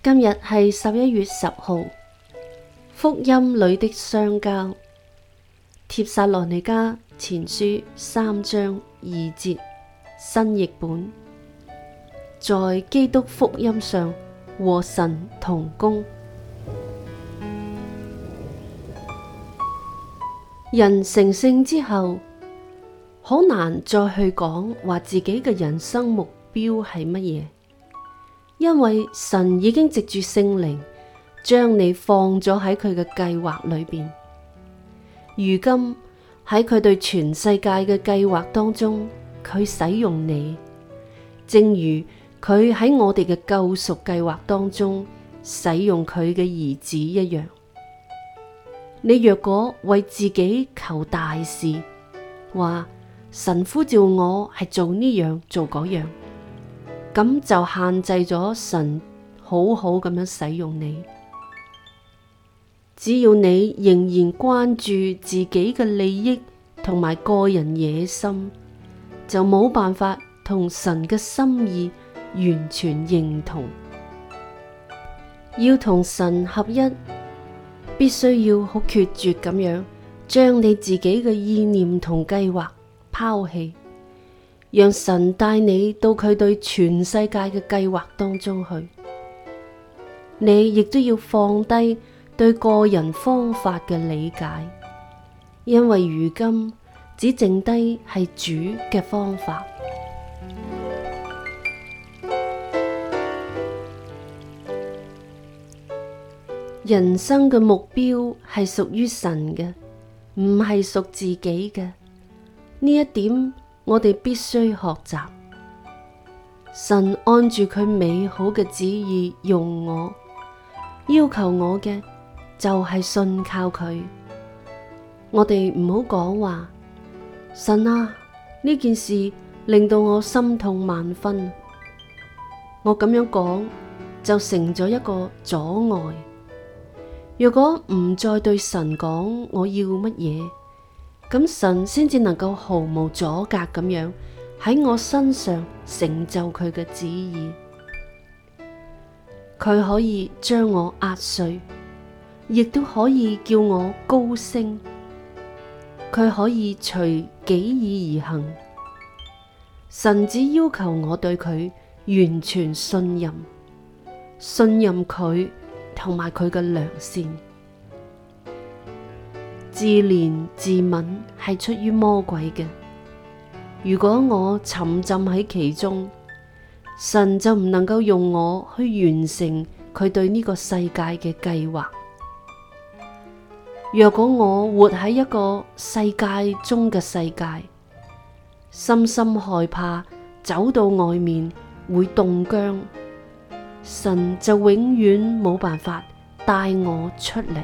今日係十一月十號，福音裏的相交，帖撒羅尼迦前書三章二節，新譯本，在基督福音上和神同工，人成聖之後，好難再去講話自己嘅人生目標係乜嘢。因為神已經藉住聖靈將你放咗喺佢嘅計劃裏面。如今，喺佢對全世界嘅計劃當中，佢使用你，正如佢喺我哋嘅救贖計劃當中使用佢嘅兒子一樣。你若果為自己求大事，話神呼召我係做呢樣、做嗰樣。咁就限制咗神好好咁樣使用你。只要你仍然關注自己嘅利益同埋個人野心，就冇辦法同神嘅心意完全認同。要同神合一，必須要好決絕咁樣，將你自己嘅意念同計劃拋棄。讓神帶你到佢對全世界嘅計劃當中去，你亦都要放低對個人方法嘅理解，因為如今只剩低係主嘅方法。人生嘅目標係屬於神嘅，唔係屬於自己嘅。呢一點。我哋必須學習，神按住佢美好嘅旨意容我，要求我嘅就係信靠佢。我哋唔好講話，神啊，呢件事令到我心痛萬分。我咁樣講就成咗一個阻礙。若果唔再對神講我要乜嘢。咁神先至能夠毫無阻隔咁樣喺我身上成就佢嘅旨意，佢可以將我壓碎，亦都可以叫我高升。佢可以隨己意而行，神只要求我對佢完全信任，信任佢同埋佢嘅良善。自憐自敏係出於魔鬼嘅。如果我沉浸喺其中，神就唔能夠用我去完成佢對呢個世界嘅計劃。若果我活喺一個世界中嘅世界，深深害怕走到外面會凍僵，神就永遠冇辦法帶我出嚟。